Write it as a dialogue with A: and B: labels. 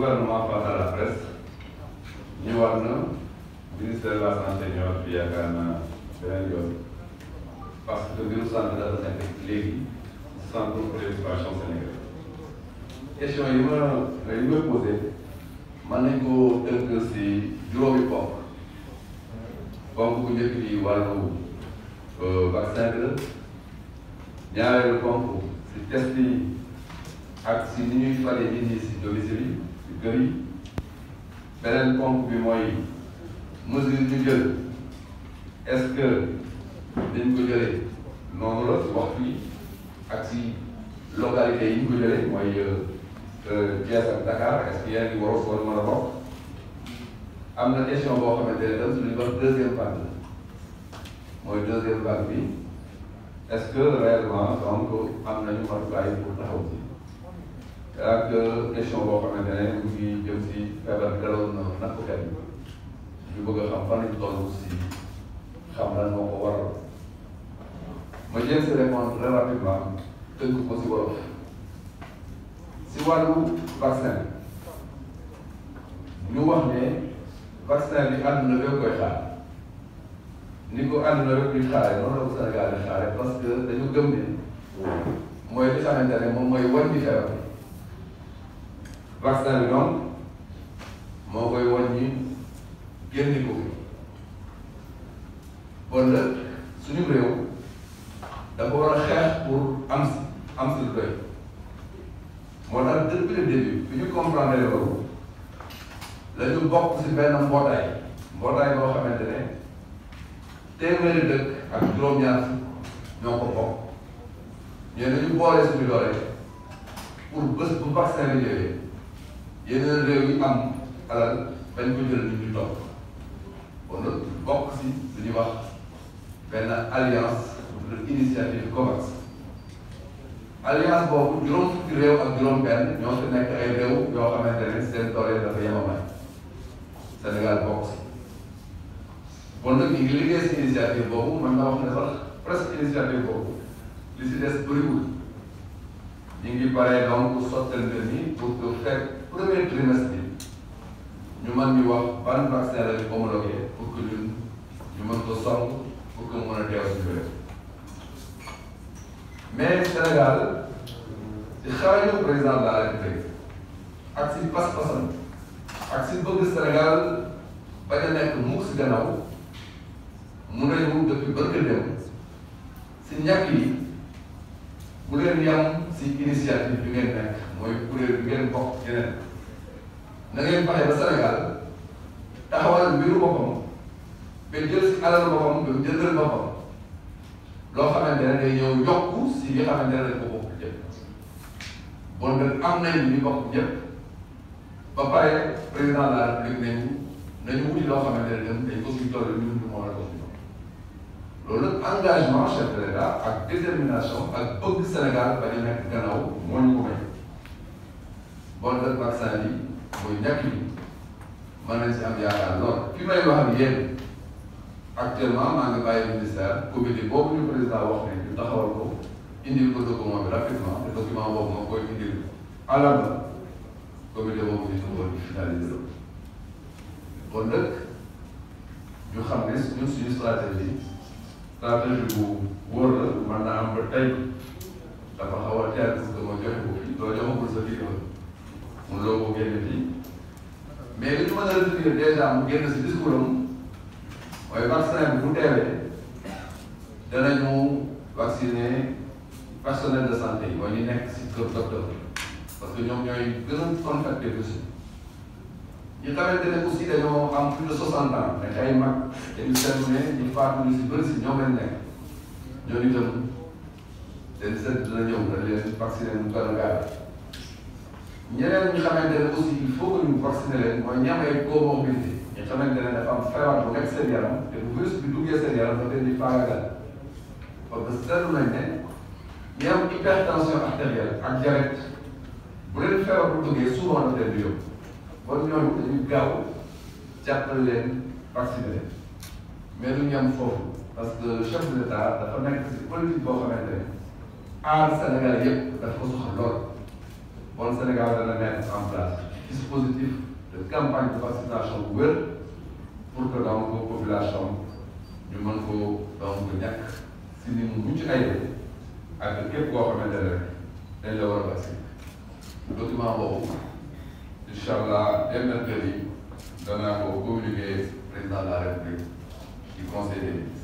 A: gouvernement face à la presse ñëwaat na ministère de la santé ñëwaat bi yaakaar naa beneen yoon parce que mbiru santé dafa nekk léegi centre préoccupation Sénégal question yi ma yi ma posé mën nañ ko tënk si juróomi ponk ponk bu njëkk bi wàllu euh, vaccin bi la ñaareelu ponk si test yi ak si ni ñuy fale nit ñi si domicile ci kër yi bi mooy mesure ñu jël est-ce que dañ ko jëlee noonu la wax fii ak si localité yi ñu ko jëlee mooy euh, euh, Thiès ak Dakar est-ce que yaa ngi war a war mën a bokk am na question boo xamante ne tam suñu wax deuxième vague mooy deuxième vague bi est-ce que réellement donc am nañu matukaay pour taxaw ak euh, question boo xamante ne mu ngi jëm si feebar bi daloon na nappkat yi ñu bëgg a xam fan lañ toll si xam lan moo ko waral ma jëm si réponse très rapidement tënk ko si wolof si wàllu vaccin ñu wax ne vaccin bi àdduna bépp koy xaar ni ko àdduna bépp di xaaree noonu la ko Sénégal di xaaree parce que dañu gëm ne mooy li xamante ne moom mooy wàññi feebar bi vaccin bi noonu moo koy wàññi génn ko bon la suñu réew dafa war a xeex pour am si am si lu doy moo tax depuis le début bi ñu comprendre loolu la ñu bokk si benn mbootaay mbootaay boo xamante ne téeméeri dëkk ak juróom-ñaar ñoo ko bokk ñooñu dañu boole suñu doole pour bés bu vaccin bi ñëwee. yeneen réew yi am alal bañ ko jël nit ñu topp kon nag wax benn alliance de initiative commerce alliance boobu juróom fukki réew ak juróom benn ñoo ci nekk ay réew yoo xamante ne seen doole dafa yemamaay Sénégal bokk si kon nag ñu ngi liggéey si initiative boobu mën naa wax ne sax presque initiative boobu li si des bëriwul ñu ngi paree donc sottal mbir mi pour que fekk premier trimestre bi ñu mën ñu wax ban vaccin la ñu homologué pour que ñun ñu mën ko song pour que mu mën a teew suñu réew mais Sénégal ci xarañu président de la République ak si pas-pasam ak si bëgg Sénégal bañ a nekk mukk mu si ñàkk yi bu si initiative bi ngeen nekk. mooy kuréel bi ngeen bokk ñeneen na ngeen fexe ba Sénégal taxawal mbiru boppam ba jël si alal boppam ba jëndal boppam loo xamante ne day ñëw yokku si li xamante ne dañ ko bokk ñëpp bon nag am nañ li bokk ñëpp ba pare président de la république nañu nañu wuti loo xamante ne dañ dañ ko suñu tool yi ñun ñu mën a ko suñu loolu engagement chef de l'État ak détermination ak bëgg Sénégal ba ñu nekk gannaaw moo ñu ko may. bon dëkk vaccin bi mooy am yaakaar lool fi may wax ak yéen actuellement maa ngi bàyyi ministère comité wax ne ñu ko indil ko document bi rapidement te document boobu moo koy indil alam la comité boobu ñu ko war a finaliser kon nag ñu xam ne ñun suñu stratégie stratégie bu wóor la mën naa am ba tey dafa xaw a teel parce que ma joxe ko mu loo ko génne fii mais li ñu mën a retenir dèjà mu génn si discours am mooy vaccin bi bu teewee danañu vacciner personnel de santé yi mooy ñu nekk si kër docteur parce que ñoom ñooy gën a contacté aussi ñu xamante ne aussi dañoo am plus de soixante ans nekk ay mag dañu seetlu ne ñu faatu ñu si bëri si ñoom lañ nekk ñooñu itam seen seet dina ñëw dañ leen vacciner mu gën a gaaw ñeneen ñi xamante ne aussi il faut que ñu vacciné leen mooy ñi am ay comorbidité yaram te bu virus bi duggee seen yaram dafa leen di faagagal parce que seetlu nañ ne ak diabète bu leen feebar bu duggee souvent dafa leen di yóbbu kon ñooñu dañuy gaaw jàppale leen vacciné leen mais du ñu am foofu parce que chef de l'État dafa nekk si politique boo xamante ne aar Sénégal yëpp dafa wala Sénégal dana mettre en place dispositif de campagne de vaccination bu wér pour que donc population ñu mën ko donc ñàkk si ni mu mucc ayib ak képp koo xamante ne dañ la war a vacciner document boobu incha allah dès mercredi danaa ko communiquer président de la république du conseil des